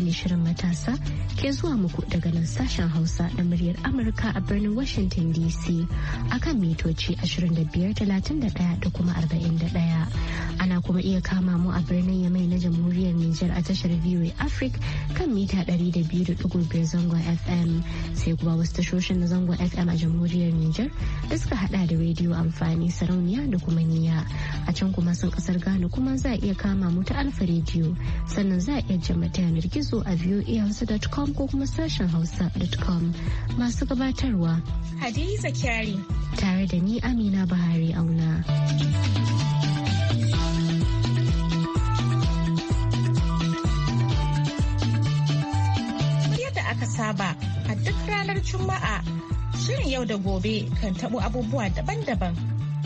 ne shirin matasa ke zuwa muku daga nan sashen Hausa na muryar Amurka a birnin Washington DC akan mitoci 2531 da kuma 41. Ana kuma iya kama mu a birnin Yamai na Jamhuriyar Nijar a tashar VOA Africa kan mita 200.5 zangon FM sai kuma wasu tashoshin na zangon FM a Jamhuriyar Nijar da suka hada da rediyo amfani sarauniya da kuma niya. A can kuma sun kasar Ghana kuma za a iya kama mu ta Alfa rediyo sannan za a iya jama ta yanar gizo a voahausa.com ko kuma sashen hausa.com masu gabatarwa. Hadiza Kyari. Tare da ni Amina Bahari Auna. Yadda aka saba a duk ranar Juma'a shirin yau da gobe kan tabo abubuwa daban-daban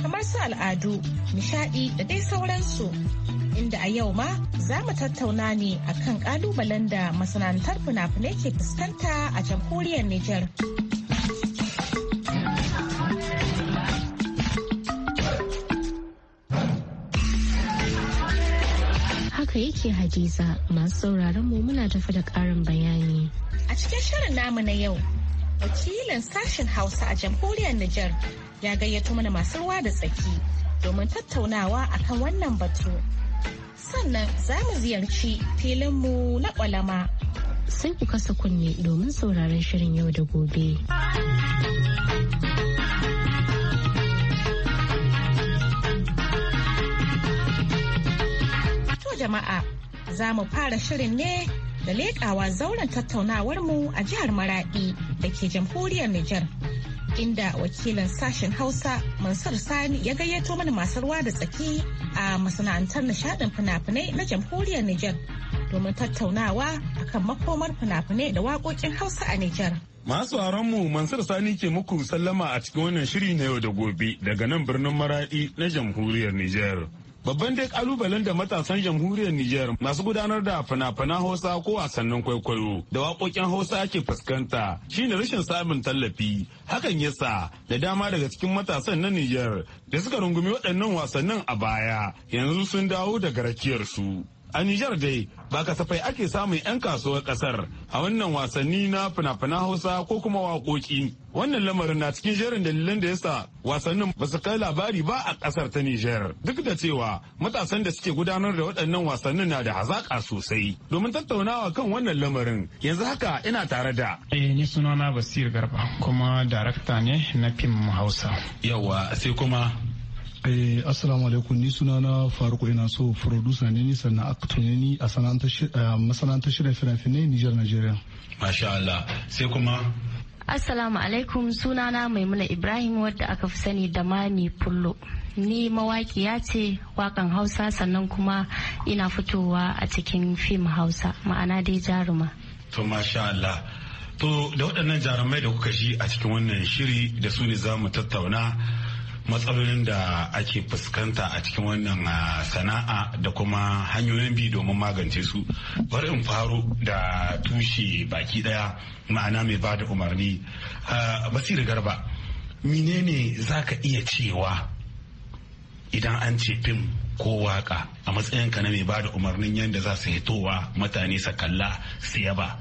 kamar su al'adu, nishadi da dai sauransu. inda a yau ma za mu tattauna ne kan ƙalubalen da masana'antar fina-finai ke fuskanta a jamhuriyar Nijar. Haka yake Hadiza masu sauraron mu muna tafi da ƙarin bayani. A cikin shirin namu na yau, wakilin sashen Hausa a jamhuriyar Nijar ya gayyato mana masu ruwa da tsaki domin tattaunawa akan wannan batu. sannan za mu ziyarci mu na ƙwalama. Sai ku kasa kunne domin sauraron shirin yau da gobe. To jama'a, za mu fara shirin ne da leƙawa zauren tattaunawarmu a jihar Maraɗi da ke jamhuriyar Nijar. inda wakilin sashen Hausa Mansur Sani ya gayyato mana masu ruwa da tsaki a masana'antar nishadin fina-finai na jamhuriyar niger domin tattaunawa akan makomar fina-finai da waƙoƙin Hausa a niger. Masu mu Mansur Sani ke muku sallama a cikin wannan shiri na yau da gobe daga nan birnin Maradi na jamhuriyar niger. Babban dai kalubalen da matasan jamhuriyar Nijar masu gudanar da fina-finan Hausa ko wasannin kwaikwayo da waƙoƙin Hausa ke fuskanta shine rashin samun tallafi. Hakan yasa da dama daga cikin matasan na Nijar da suka rungumi waɗannan wasannin a baya yanzu sun dawo daga rakiyarsu. A Nijar dai ba kasafai ake samun 'yan kasuwar kasar a wannan wasanni na fina-fina Hausa ko kuma waƙoƙi. Wannan lamarin na cikin jerin dalilan da yasa wasannin ba su kai labari ba a ƙasar ta Nijar. Duk da cewa matasan da suke gudanar da waɗannan wasannin na da hazaƙa sosai. Domin tattaunawa kan wannan lamarin yanzu haka ina tare da. Eh ni sunana Basir Garba kuma darakta ne na fim Hausa. Yawa sai kuma Eh, assalamu alaikum ni suna na faruku ina so producer ne ni sannan actor ne ni a masana'antar shirin fina-finai Nijar Nigeria. Masha Allah sai kuma Assalamu alaikum sunana Maimuna Ibrahim wadda aka fi sani da Mami Pullo. Ni mawaƙiya ce wakan Hausa sannan kuma ina fitowa a cikin fim Hausa ma'ana dai jaruma. To masha Allah. To da waɗannan jarumai da kuka ji a cikin wannan shiri da su ne za mu tattauna matsalolin da ake fuskanta a cikin wannan sana'a da kuma hanyoyin bi domin magance su bari in faro da tushe baki daya ma'ana mai ba da umarni basir garba menene za ka iya cewa idan an ce fim ko waka a matsayin ka na mai bada umarnin yadda za su hitowa mutane sa kalla su yaba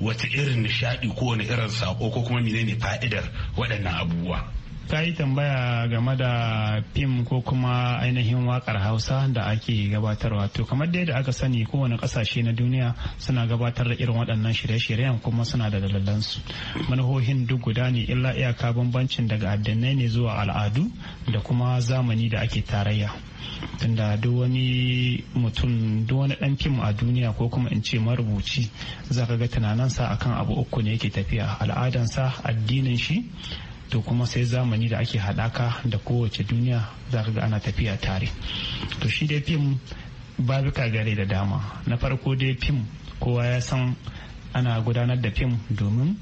wata irin nishadi ko wani irin sako ko kuma menene fa'idar waɗannan abubuwa ka yi tambaya game da fim ko kuma ainihin wakar hausa da ake gabatarwa to kamar dai da aka sani kowane kasashe na duniya suna gabatar da irin waɗannan shirye-shiryen kuma suna da dalilansu manahohin duk guda ne illa iyaka bambancin daga addinai ne zuwa al'adu da kuma zamani da ake tarayya tunda duk wani mutum duk wani dan fim a duniya ko kuma in ce marubuci zaka ga tunaninsa akan abu uku ne yake tafiya al'adansa addinin shi to kuma sai zamani da ake haɗaka da kowace duniya za ka ga ana tafiya tare to shi dai fim babu gare da dama na farko dai fim kowa ya san ana gudanar da fim domin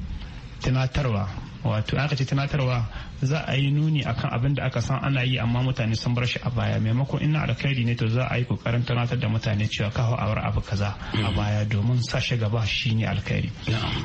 tunatarwa wato aka ce tunatarwa za a yi nuni akan abin da aka san ana yi amma mutane sun bar shi a baya maimakon ina alkhairi ne to za a yi kokarin tunatar da mutane cewa kawo awar abu kaza a mm. baya domin sa shi gaba shine alkhairi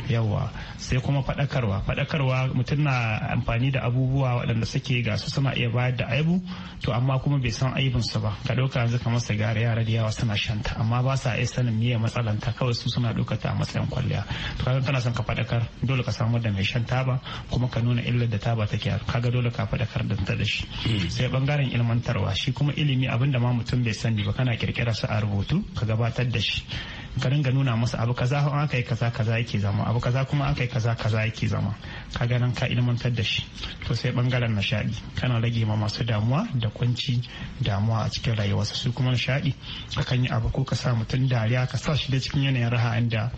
yawa sai kuma faɗakarwa faɗakarwa mutum na amfani da abubuwa waɗanda suke ga su suna iya bayar da aibu to amma kuma bai san aibin su ba ka ɗauka yanzu kamar sigari yara da yawa suna shanta amma ba sa iya sanin miye matsalanta kawai su suna ɗauka a matsayin kwalliya to kana son ka faɗakar dole ka samu da mai shan taba kuma ka nuna illar da taba take yaro kaga dole ka faɗakar da da shi hmm. sai bangaren ilmantarwa shi kuma ilimi da ma mutum bai sani ba kana kirkira su a rubutu ka gabatar da shi ka dinga nuna masa abu kaza an aka yi kaza kaza yake zama abu kaza kuma aka yi kaza kaza yake zama ka ganin ka ilmantar da shi to sai bangaren nishadi kana rage ma masu damuwa da kunci damuwa a cikin rayuwarsa su kuma nishadi akan yi abu ko ka sa mutum dariya ka sa shi da cikin yanayin raha inda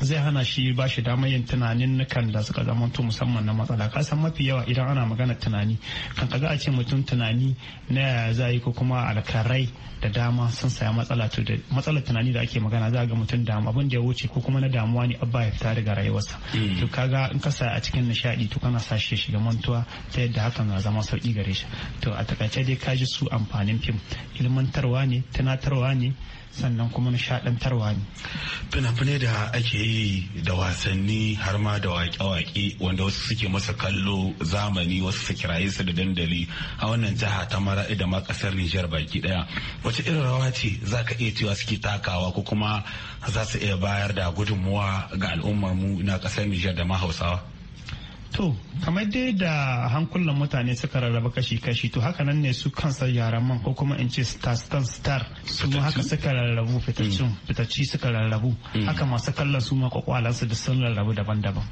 zai hana shi ba shi damar yin tunanin kan da suka zama to musamman na matsala kasan mafi yawa idan ana magana tunani kan ka za a ce mutum tunani na yaya za yi ko kuma alkarai da dama sun saya matsala to da matsalar tunani da ake magana za ga mutum da abin da ya wuce ko kuma na damuwa ne abba ya fita daga rayuwarsa mm. to kaga in ka saya a cikin nishadi to kana sa shi shiga mantuwa ta yadda hakan na zama sauki gare shi to a takaice dai ka ji su amfanin fim ilmantarwa ne tunatarwa ne sannan kuma nishadantarwa ne fina-finai da ake yi da wasanni har ma da waƙe-waƙe wanda wasu suke masa kallo zamani wasu su kiraye su da dandali a wannan jiha ta mara da ma ƙasar nijar baki ɗaya wace irin rawa ce za ka iya cewa suke takawa ko kuma za su iya bayar da gudunmuwa ga al'ummar mu na ƙasar nijar da ma hausawa To, kamar dai da hankulan mutane suka rarraba kashi-kashi to haka nan ne su kansa yaran man ko kuma in ce star star star su haka suka rarrabu fitaccin mm. fitacci suka rarrabu mm. haka masu kallon su ma kwakwalansu da sun rarrabu daban-daban.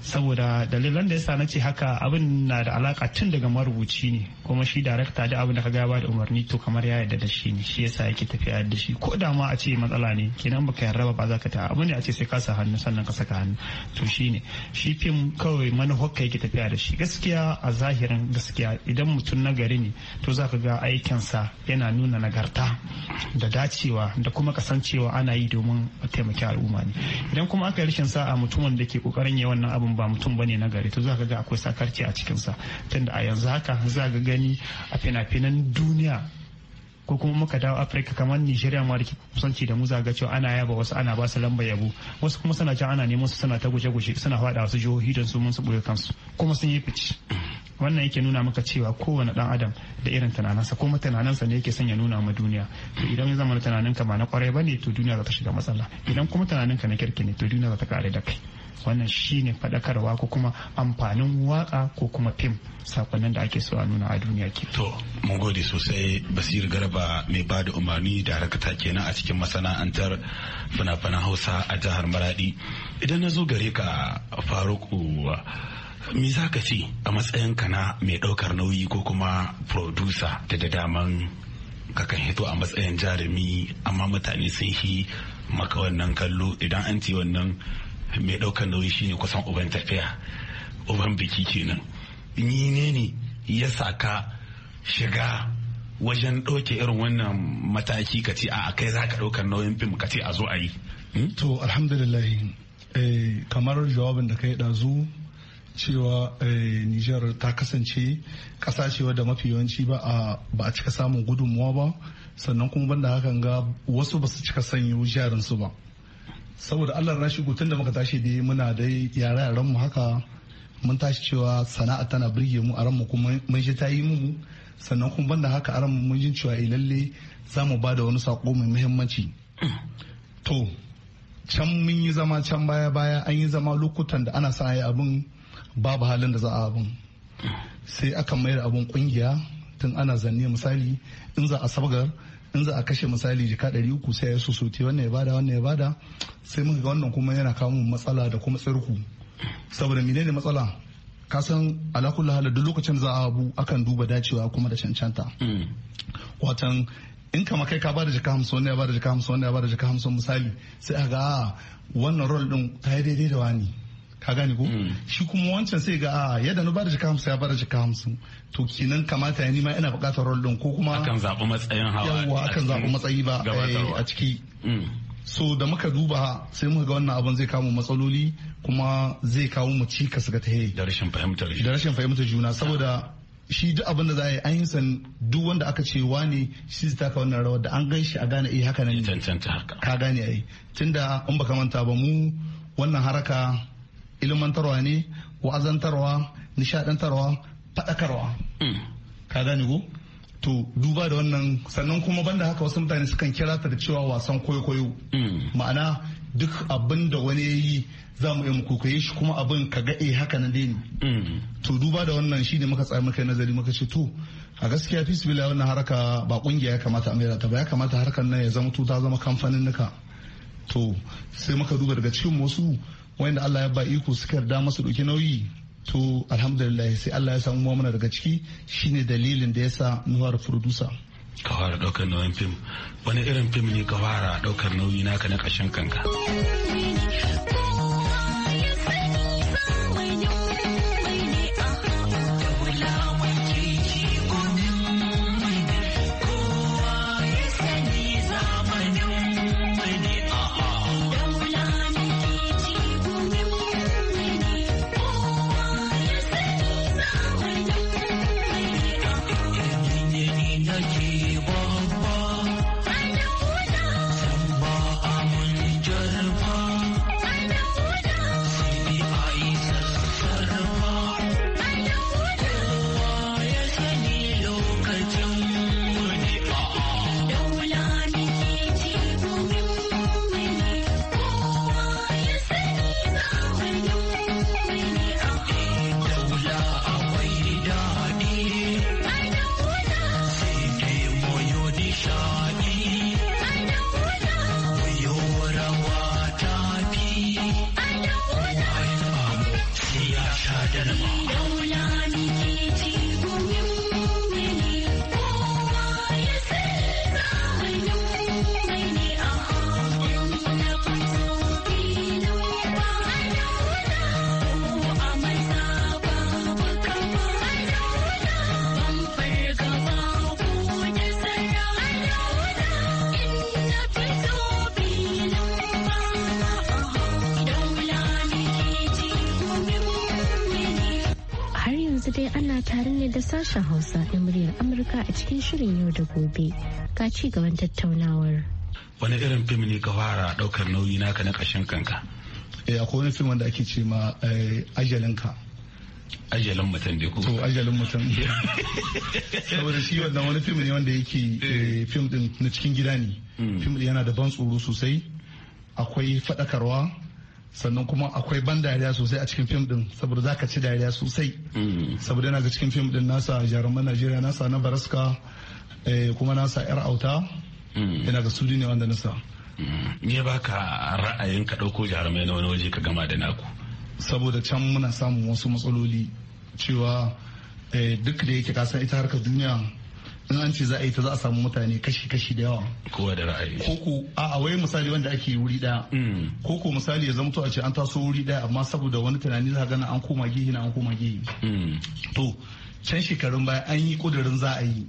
Saboda dalilan da yasa na ce haka abin na da alaka tun daga marubuci ne kuma shi darakta da abin da ka gaba da umarni to kamar ya yarda da shi ne shi yasa yake tafiya da shi ko da ma a ce matsala ne kenan baka yarraba ba za ka ta abu ne a ce sai ka sa hannu sannan ka saka hannu to shi ne shi fim kawai hokka yake tafiya da shi gaskiya a zahirin gaskiya idan mutum na gari ne to za ka ga aikinsa yana nuna nagarta da dacewa da kuma kasancewa ana yi domin taimaki al'umma ne idan kuma aka yi rashin sa'a mutumin da ke kokarin yi wannan abin ba mutum bane nagari to za ka ga akwai sakarci a cikinsa tunda a yanzu haka za ka gani a fina-finan duniya ko kuma muka dawo afirka kamar nigeria ma da kusanci da mu zaga cewa ana yaba wasu ana ba su lamba yabo wasu kuma suna can ana neman su suna ta guje-guje suna faɗa wasu jihohi don su mun su ɓoye kansu kuma sun yi fice wannan yake nuna maka cewa kowane dan adam da irin tunaninsa kuma tunaninsa ne yake sanya nuna ma duniya to idan ya zama tunaninka ba na kwarai bane to duniya za ta shiga matsala idan kuma tunaninka na kirki ne to duniya za ta kare da kai wannan shine faɗakarwa ko kuma amfanin waka ko kuma fim sakonnin da ake so a nuna a duniya ke to mun gode sosai basir garba mai ba da umarni da harkata kenan a cikin masana'antar fina-finan hausa a jihar maradi idan na zo gare ka faruku me za ka ce a matsayin ka na mai ɗaukar nauyi ko kuma producer da da daman kakan hito a matsayin jarumi amma mutane sun yi maka wannan kallo idan an ce wannan mai ɗaukar nauyi shine kusan uban tafiya uban biki kenan ni ne ne ya saka shiga wajen ɗauke irin wannan mataki ka ce a kai za ka ɗaukar nauyin fim ka ce a zo a yi hmm? to alhamdulillah eh, kamar jawabin da ka yi ɗazu cewa eh, Niger ta kasance ƙasa ce wadda mafi yawanci ba a cika samun gudunmuwa ba sannan kuma banda hakan ga wasu ba su cika sanyo jarinsu ba saboda allah na shigo tun da muka tashi dai muna da yare a mu haka mun tashi cewa sana'a tana birge mu a ranmu kuma mun shi ta yi mu sannan kuma banda haka a ranmu mun ji cewa eh, lalle za mu ba da wani sako mai muhimmanci to can mun yi zama can baya baya an yi zama lokutan da ana sa yi abin babu halin da za a abin sai aka mayar abin kungiya tun ana zanne misali in za a sabgar in za a kashe misali jika ɗari uku sai ya susuti wannan ya bada wannan ya bada sai muka ga wannan kuma yana kawo matsala da kuma tsirku saboda mine ne matsala ka san alakul hala duk lokacin za a abu akan duba dacewa kuma da cancanta mm. watan in kama kai ka bada jika hamsin wannan ya bada jika hamsin wannan ya bada jika hamsin misali sai a ga wannan rol din ta yi daidai da wani ka gane ko mm. shi kuma wancan sai ga a ah, yadda na bada jika hamsin ya bada jika hamsin to kinan kamata ya nima ina bukatar rol din ko kuma akan zaɓi matsayin hawa yawa akan zaɓi matsayi ba eh, a ciki mm. so da muka duba sai muka ga wannan abin zai kawo matsaloli kuma zai kawo mu cikas ga ta da rashin fahimtar da rashin fahimtar juna saboda shi duk abin da za a yi an yi san duk wanda aka ce ne shi zai taka wannan rawar da an gan shi a gane eh haka nan ne. ka gane ai tunda in baka manta ba mu wannan haraka ilmantarwa ne wa'azantarwa nishadantarwa faɗakarwa mm. ka gane ko to duba da wannan sannan kuma banda haka wasu mutane sukan kira ta da cewa wasan koyo-koyo mm. ma'ana duk abin da wani ya yi za mu mu kokaye shi kuma abin ka ga eh haka na dai mm. to duba da wannan shine muka tsaya muka nazari muka ce to a gaskiya fisbila wannan haraka ba kungiya ya kamata a ta ba ya kamata harkar nan ya zama to ta zama kamfanin nuka to sai muka duba daga cikin wasu wanda Allah ya ba iko suka yarda masa dauki nauyi to alhamdulillah sai Allah ya samu mana daga ciki shine dalilin da yasa nuwar producer ka fara daukar nauyin fim wani irin fim ne ka fara daukar nauyi naka na kashin kanka sashen Hausa na muryar Amurka a cikin shirin yau da gobe ga ci gaban tattaunawar. Wani irin fim ne ka fara ɗaukar nauyi naka na ƙashin kanka? Eh akwai wani fim wanda ake ce ma eh, ka. Ajalin mutum dai ko? To ajalin mutum. Saboda shi wannan wani fim ne wanda yake eh, fim din na cikin gida ne. Hmm. Fim din yana da ban tsoro sosai. Akwai faɗakarwa sannan kuma akwai ban dariya sosai a cikin fim din saboda za ka ci dariya sosai mm. saboda yana ga cikin fim din nasa jaruman najeriya nasa na baraska eh, kuma nasa yar auta mm. yana ga sudi ne wanda nasa mm. me baka ra'ayin ka ɗauko jarumai na wani waje ka gama da naku saboda can muna samun wasu matsaloli cewa eh, duk da yake kasan ita harkar duniya in an ce za a yi ta za a samu mutane kashi-kashi da yawa kowa da ra'ayi koko a wai misali wanda ake wuri daya koko mm. misali ya zama to a ce an taso wuri daya amma saboda wani tunani za gana an koma gihi na an koma gihi mm. to can shekarun baya an yi kudirin za a yi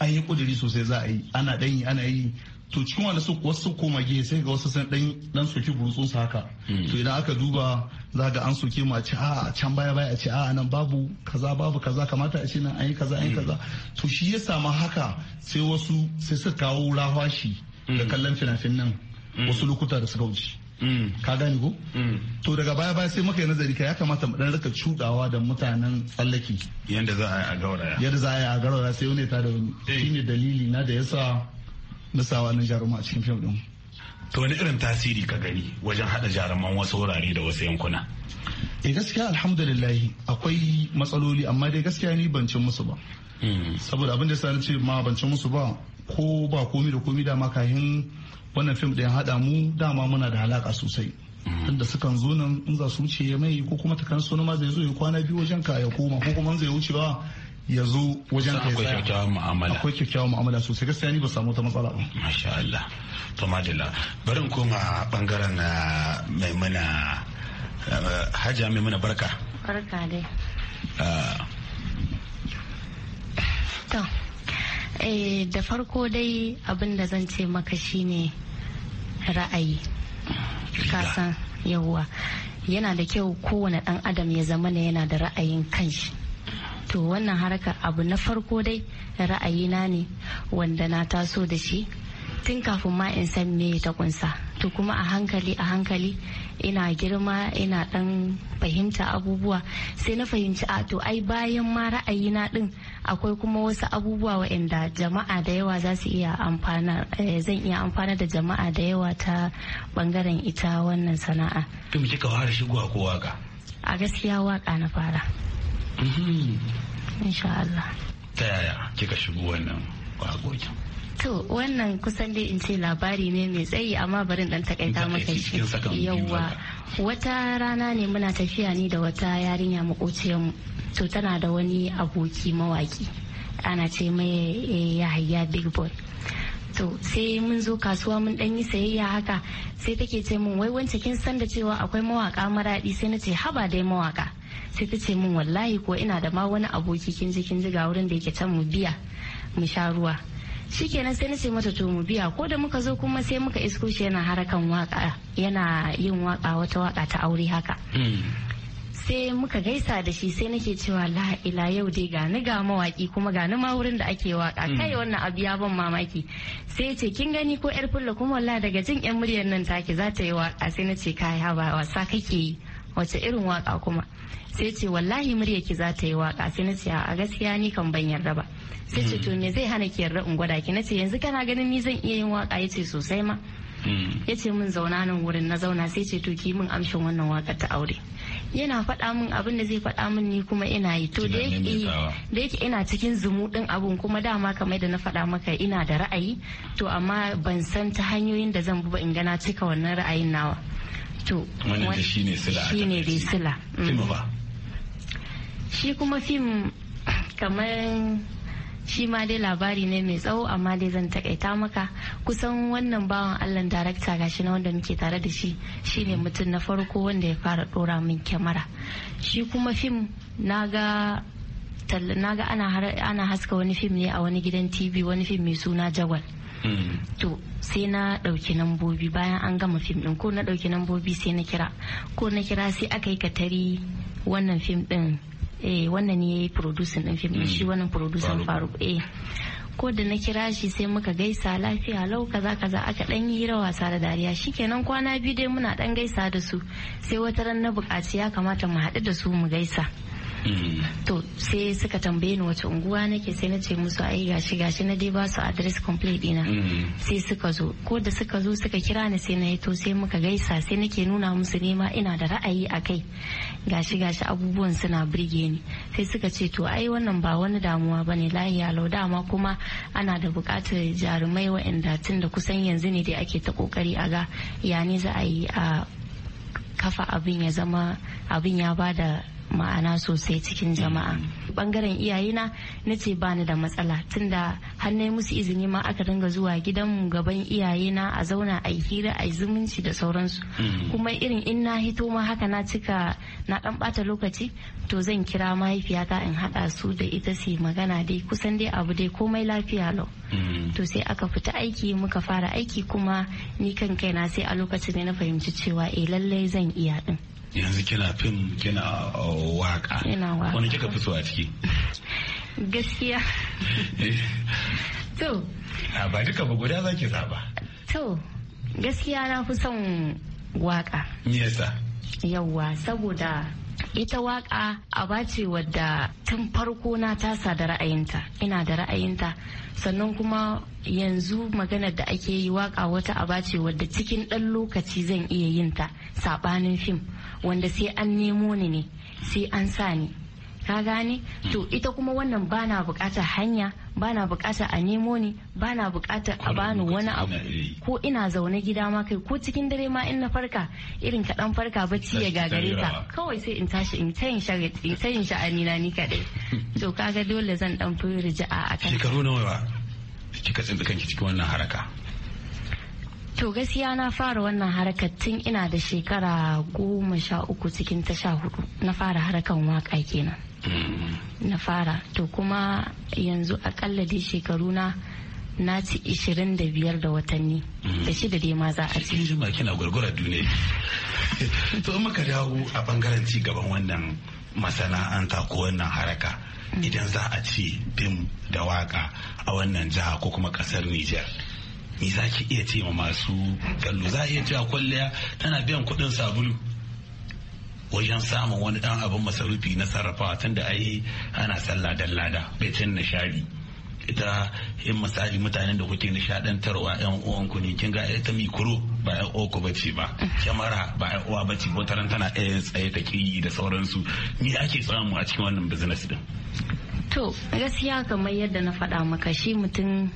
an yi kudiri sosai za a yi ana dan yi ana yi to cikin wanda su wasu koma gehe sai ga wasu san dan dan soki burutsun su haka to idan aka duba za ga an soke mu a ce a can baya baya a ce a nan babu kaza babu kaza kamata a ce nan an yi kaza an yi kaza to shi ya samu haka sai wasu sai su kawo rahwashi da kallon fina-finan wasu lokuta da suka wuce ka gani ko to daga baya baya sai muka yi nazari ka ya kamata mu dan rika cudawa da mutanen tsallaki yadda za a yi a gauraya yadda za a yi a gauraya sai eh. ne ta da wani shine dalili na da yasa Na sawa na jaruma a cikin fim din to wani irin tasiri ka gani wajen hada jaruman wasu wurare da wasu yankuna eh gaskiya alhamdulillahi akwai matsaloli amma dai gaskiya ni ban cin musu ba hmm. saboda abin da sa ce ma ban cin musu ba ko ba komi da komi dama kahin wannan fim ɗin haɗa mu dama muna da alaka sosai hmm. tunda sukan zo nan in za su wuce mai ko kuma takan so ma zai zo ya kwana biyu wajen ka ya koma ko kuma zai wuce ba ya zo wajen kai akwai kyakkyawar mu'amala akwai kyakkyawar mu'amala sosai gaskiya ni ba samu wata matsala ba masha Allah to madalla barin koma bangaren eh, maimuna eh, hajiya maimuna barka barka dai ah. to eh da farko dai abin da zan ce maka shine ra'ayi kasan yawwa yana da kyau kowane dan adam ya zama yana da ra'ayin kanshi to wannan harka abu na farko dai ra'ayina ne wanda na taso da shi tun kafin ma in san me ta kunsa to kuma a hankali a hankali ina girma ina dan fahimta abubuwa sai na fahimci a to ai bayan ma ra'ayina din akwai kuma wasu abubuwa waɗanda jama'a da yawa za su iya amfana eh, zan iya amfana da jama'a da yawa ta bangaren ita wannan sana'a to kika fara shigowa ko waka a gaskiya waka na fara Mm-hmm. insha Allah ta yaya kika shigo wannan to wannan kusan dai in ce labari ne mai tsayi amma barin dan takaita maka shi yawwa wata rana ne muna tafiya ni da wata yarinya makociyar mu to tana da wani aboki mawaki ana ce mai eh, yahaya big boy to sai mun zo kasuwa mun dan yi sayayya haka sai take ce mun wai wance kin san da cewa akwai mawaka maradi sai na ce haba dai mawaka sai ta ce min wallahi ko ina da ma wani aboki kin ji kin ji wurin da yake can mu biya mu sha ruwa shikenan sai na ce mata to mu biya ko da muka zo kuma sai muka isko shi yana harakan waka yana yin waka wata waka ta aure haka sai muka gaisa da shi sai nake cewa la ila yau dai ga ni ga mawaki kuma ga ni ma wurin da ake waka hmm. kai wannan abu ya ban mamaki sai ce kin gani ko yar fulla kuma walla daga jin yan muryar nan take za ta yi waka sai na ce kai haba wasa kake yi wace irin waka kuma sai ce wallahi murya ki za ta yi waka sai na ce a gaskiya ni kan ban yarda ba sai ce to me zai hana ki yarda in gwada ki na ce yanzu kana ganin ni zan iya yin waka ya ce sosai ma hmm. ya ce min zauna nan wurin na zauna sai ce to ki min amshin wannan waka ta aure yana faɗa min abin da zai faɗa min ni kuma ina yi to da yake ina cikin zumu zumuɗin abun kuma dama kamar da na faɗa maka ina da ra'ayi to amma ban san ta hanyoyin da zan bi ba in gana cika wannan ra'ayin nawa to wannan shine dai sila mm. shi kuma fim kamar shi ma dai labari ne mai tsawo amma dai zan takaita maka kusan wannan bawan allah darakta gashi na wanda muke tare da shi shi ne mm. mutum na farko wanda ya fara dora min kyamara shi kuma fim na ga ana haska wani fim ne a wani gidan tv wani fim mai suna jagwal to sai na ɗauki nambobi bayan an gama fim ɗin ko na ɗauki nambobi sai na kira ko na kira sai aka yi katari wannan fim ɗin eh wannan ne ya yi producing ɗin fim shi hmm. wannan producing faruk eh ko da na kira shi sai muka gaisa lafiya lau kaza kaza aka dan yi hira wasa da dariya shikenan kwana biyu dai muna ɗan gaisa da su sai wata ran na bukaci ya kamata mu haɗu da su mu gaisa Mm. to sai suka tambaye ni wace unguwa nake sai na ce musu ai gashi gashi na dai ba su address complete dina mm. sai suka zo ko da suka zo suka kira ni sai na yi to sai muka gaisa sai nake nuna musu nema ina da ra'ayi a kai gashi gashi abubuwan suna burge ni sai suka ce to ai wannan ba wani damuwa bane lahiya lau dama kuma ana da bukatar jarumai wa'anda tun da kusan yanzu ne dai ake ta kokari a ga ya ne za a yi a kafa abin ya zama abin ya bada ma'ana sosai cikin jama'a bangaren iyayena na ce bani da matsala tunda har na musu izini ma aka dinga zuwa gidanmu gaban iyayena a zauna a yi hira a yi zumunci da sauransu mm-hmm. kuma irin in na hito ma haka na cika na dan bata lokaci to zan kira mahaifiyata in haɗa su da ita su magana dai kusan dai abu dai komai lafiya lau mm-hmm. to sai aka fita aiki muka fara aiki kuma ni kan kaina sai a lokacin da na fahimci cewa eh lallai zan iya din yanzu kina fim kina uh, waka wani kika fi so a ciki gaskiya to a ba duka ba guda zaki zaba to gaskiya na fi son waka me yasa yawwa saboda ita waka aba ce wadda tun farko na tasa da ra'ayinta ina da ra'ayinta sannan kuma yanzu maganar da ake yi waka wata aba ce wadda cikin ɗan lokaci zan iya yin ta saɓanin fim wanda sai an nemo ni ne sai an sa ni ka gane to ita kuma wannan bana bukata hanya bana bukata a nemo ni bana bukata a bani wani abu ko ina zaune gida ma kai ko cikin dare ma in na farka irin kaɗan farka bacci ya gagare ka kawai sai in tashi in ta yin sha'ani na ni kaɗai to kaga dole zan dan fi rija'a akan shekaru nawa kika tsinta kanki cikin wannan haraka To gaskiya na fara wannan harakar tun ina da shekara goma sha uku cikin ta sha hudu na fara harakan waka kenan. na fara to kuma yanzu akalla dai shekaru na na ci 25 da watanni da da dai ma za a ci ma kina gurgura duniya to in muka dawo a bangaren ci gaban wannan masana'anta ko wannan haraka idan za a ci fim da waka a wannan jiha ko kuma kasar Nijar. Ni za ki iya ce ma masu kallo za a iya cewa kwalliya tana biyan kuɗin sabulu wajen samun wani dan abin masarufi na sarrafawa da ai ana sallah dan lada bai cin nishadi ita in misali mutanen da kuke nishadantarwa yan uwan ku ne kin ga ita mikro ba yan uwa ku bace ba kyamara ba yan uwa bace ba taran tana ɗaya tsaye ta kiyi da sauransu me ake samu a cikin wannan business din to gaskiya kamar yadda na faɗa maka shi mutum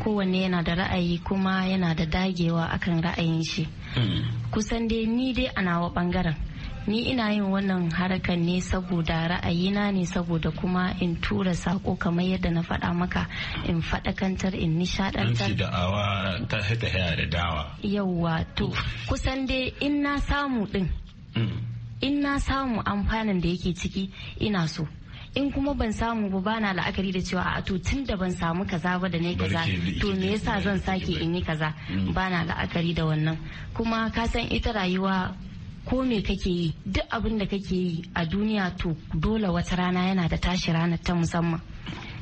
kowanne yana da ra'ayi kuma yana da dagewa akan ra'ayin shi hmm. kusan dai ni dai a nawa bangaren ni ina yin wannan harkar ne saboda ra'ayina ne saboda kuma in tura sako kamar yadda na faɗa maka in faɗakantar in nishaɗantar da'awa ta da dawa yawwa to kusan dai in na samu ɗin mm. in na samu amfanin da yake ciki ina so in kuma ban samu ba bana la'akari da cewa a to tun da ban samu kaza ba da ne kaza to me yasa zan sake in yi kaza mm. bana la'akari da wannan kuma ka san ita rayuwa ko me kake yi duk abin da kake yi a duniya to dole wata rana yana da tashi ranar ta musamman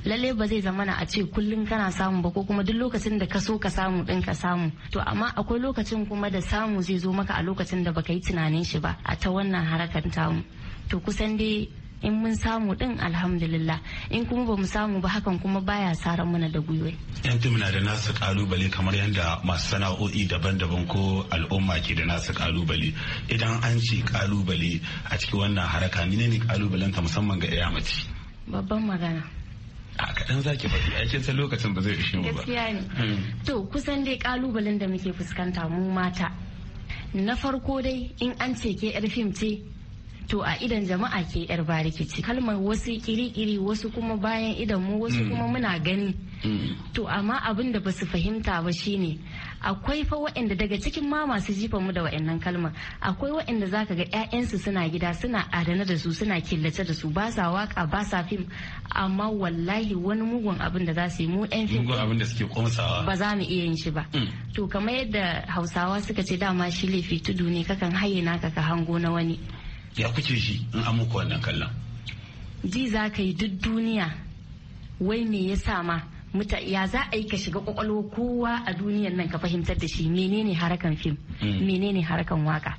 lalle ba zai zamana a ce kullum kana samu ba ko kuma duk lokacin da ka so ka samu din ka samu to amma akwai lokacin kuma da samu zai zo maka a lokacin da baka yi tunanin shi ba a ta wannan harakan tamu to kusan dai in mun samu din alhamdulillah in kuma ba mu samu ba hakan kuma baya saran mana da gwiwa yan na da nasu kalubale kamar yadda masu sana'o'i daban-daban ko al'umma ke da nasu kalubale idan an ce kalubale a cikin wannan haraka ne ne kalubalen ta musamman ga iya mace babban magana a kaɗan zaki faɗi aikin sa lokacin ba zai ishe mu ba gaskiya ne hmm. to kusan dai kalubalen da muke fuskanta mu mata na farko dai in an ce ke yar fim ce to a idan jama'a ke yar ba rikici kalmar wasu kiri-kiri wasu kuma bayan idan mu wasu hmm. kuma muna gani hmm. to amma abin da basu fahimta ba shine akwai fa waɗanda daga cikin ma masu jifa mu da waɗannan kalmar akwai waɗanda zaka ga ƴaƴansu suna gida suna adana da su suna killace da su ba sa waka ba sa fim amma wallahi wani mugun abin da za su yi mu ƴan fim mugun abin da suke komsawa ba za mu iya yin shi ba hmm. to kamar yadda Hausawa suka ce dama shi laifi tudu ne kakan hayyana ka ka hango na wani ya kuke shi in an muku wannan kallon ji za ka yi duk duniya wai me ya sa ma muta ya za a yi ka shiga kwakwalwa kowa a duniyan nan ka fahimtar da shi menene harakan fim mm. menene harakan waka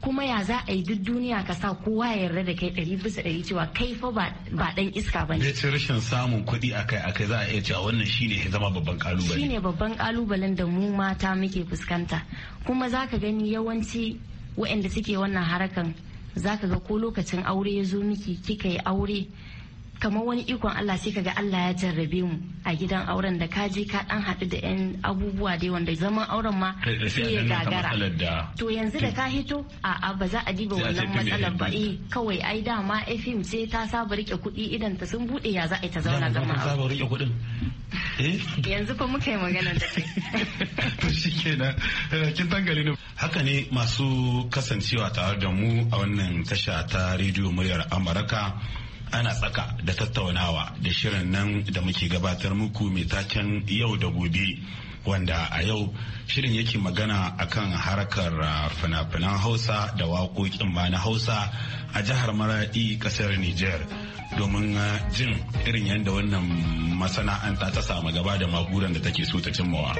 kuma ya za a yi duk duniya ka sa kowa ya yarda da kai ɗari bisa ɗari cewa kai fa ba ɗan iska ba ne. ce rashin samun kuɗi a kai a kai za a iya cewa wannan shine ne zama babban kalubale. ne babban kalubalen da mu mata muke fuskanta kuma za ka gani yawanci waɗanda suke wannan harakan za ka ga ko lokacin aure ya zo miki kika yi aure kamar wani ikon Allah sai kaga Allah ya jarrabe mu a gidan auren da ka je ka dan haɗu da yan abubuwa dai wanda zaman auren ma sai ya gagara to yanzu da ka hito a ba za a diba wannan matsalar ba eh kawai ai dama FM sai ta saba rike kuɗi idan ta sun bude ya za a ta zauna zama saba eh? yanzu fa muka yi magana da kai to shikenan eh, kin tangale ne haka ne masu kasancewa tare da mu a wannan tasha ta rediyo muryar Amurka ana tsaka da tattaunawa da shirin nan da muke gabatar muku mai taken yau da gobe wanda a yau shirin yake magana akan harkar uh, fina-finan hausa da waƙoƙin ma na hausa a jihar maradi ƙasar niger domin uh, jin irin yadda wannan masana'anta ta samu gaba da maguran da take so ta cimmawa.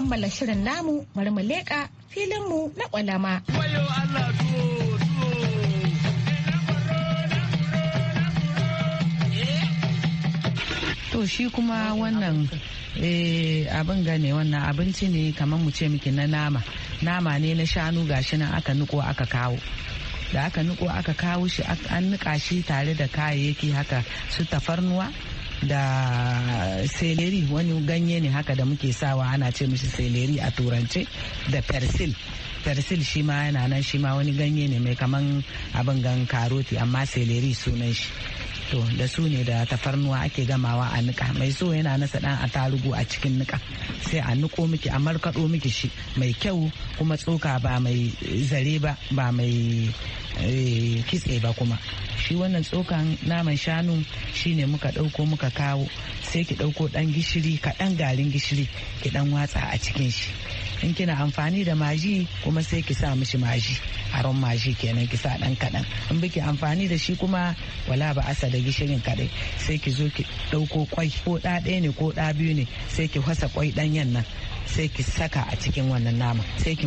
kammala shirin namu filin mu filinmu na kwalama To shi kuma wannan eh, abin gane wannan abinci ne kamar mu ce miki na nama. Nama ne na shanu gashi nan aka niko aka kawo. Da aka nuko aka kawo shi an nuka shi tare da kayayyaki haka su tafarnuwa da seleri wani ganye ne haka da muke sawa ana ce mishi seleri a turance da persil persil shi ma yana nan shi ma wani ganye ne mai kaman abin gan karoti amma seleri sunan shi to da su ne da tafarnuwa ake gamawa a nika mai so yana nasa dan a tarugu a cikin nika sai a niko miki a markaɗo miki shi mai kyau kuma tsoka ba mai zare ba ba mai eh, kitse ba kuma shi wannan tsokan naman shanu shi ne muka ɗauko muka kawo sai ki ɗauko ɗan gishiri kaɗan garin gishiri ki ɗan watsa a cikin shi in kina amfani da maji kuma sai ki sa mishi maji aron maji kenan ki sa dan kadan in biki amfani da shi kuma wala ba asa da gishirin kadai sai ki zo ki dauko kwai ko da ɗaya ne ko da biyu ne sai ki fasa kwai danyen nan sai ki saka a cikin wannan nama sai ki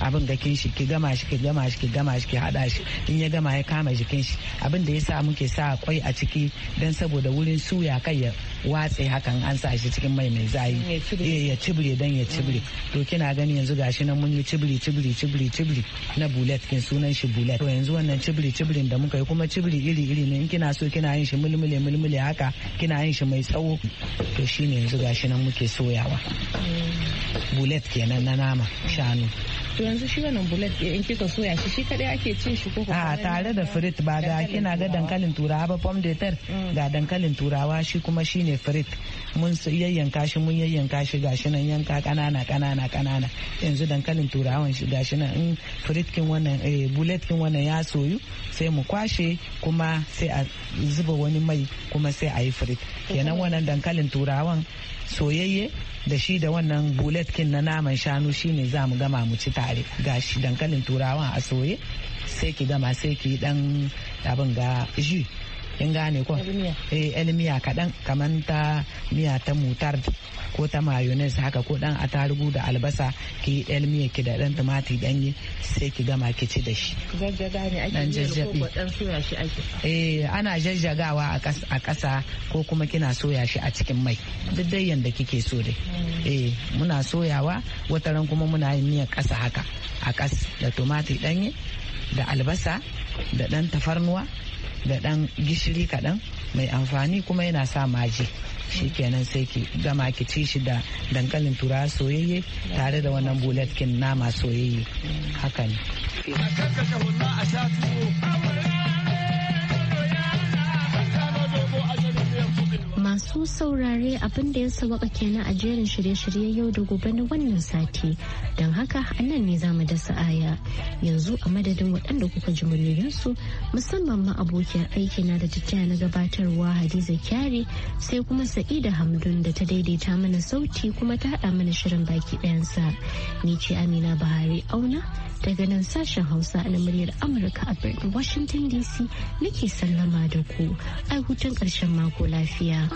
abin da kin shi ki gama shi ki gama shi ki gama shi ki hada shi in ya gama ya kama jikin shi abin da yasa muke sa kwai a ciki dan saboda wurin suya kai ya watse hakan an sa shi cikin mai mai zayi ya cibire dan eh, ya cibire mm. to kina gani yanzu gashi nan mun yi cibiri cibiri cibiri cibiri na bullet kin sunan shi bullet to yanzu wannan cibiri cibirin da muka yi kuma cibiri iri iri ne in kina so kina yin shi mulmule mulmule haka kina yin shi mai tsawo to shine yanzu gashi nan muke soyawa mm. bullet kenan na nama shanu to yanzu shi wannan bullet eh, in kika soya shi shi kadai ake cin shi ko a ah, tare da frit ba ga kina ga dankalin turawa ba pom de terre mm. ga dankalin turawa shi kuma shine frit mun yayyanka shi mun yayyanka shi gashi nan yanka kanana kanana kanana yanzu dankalin turawan shi gashi nan in kin wannan eh, bullet kin wannan ya soyu sai mu kwashe kuma sai a zuba wani mai kuma sai a yi frit kenan wannan dankalin turawan soyayye da shi da wannan buletkin na naman shanu shine za mu gama mu ci tare ga shi dankalin turawan a soye sai ki gama sai ki dan abin ga jus kin gane ko eh kadan kaɗan kamar ta miya ta mutar ko ta mayonnaise haka ko dan atarugu da albasa ki yan ki da dan tumatir danye sai ki gama ki ci da shi dan jajjabi eh ana jajjagawa a kasa ko kuma kina soya shi a cikin mai duk dai yanda kike so dai hmm. eh muna soyawa wata ran kuma muna yin miyar ƙasa haka a ƙas da tumatir danye da albasa da dan tafarnuwa da dan gishiri kaɗan mai amfani kuma yana sa maji kenan sai ki gama ki ci shi da dankalin turawa soyayye tare da wannan buletkin nama soyayye haka ne. Masu saurare abinda ya sawaka kenan a jerin shirye-shirye yau da gobe na wannan sati. Don haka nan ne za mu dasa aya. Yanzu a madadin waɗanda kuka ji muryoyinsu musamman ma abokiyar aiki na da tattaya na gabatarwa Hadiza Kyari sai kuma Sa'ida Hamdun da ta daidaita mana sauti kuma ta haɗa mana shirin baki ɗayansa. Ni ce Amina Buhari Auna daga nan sashen Hausa na muryar Amurka a birnin Washington DC nake sallama da ku. Ai hutun ƙarshen mako lafiya.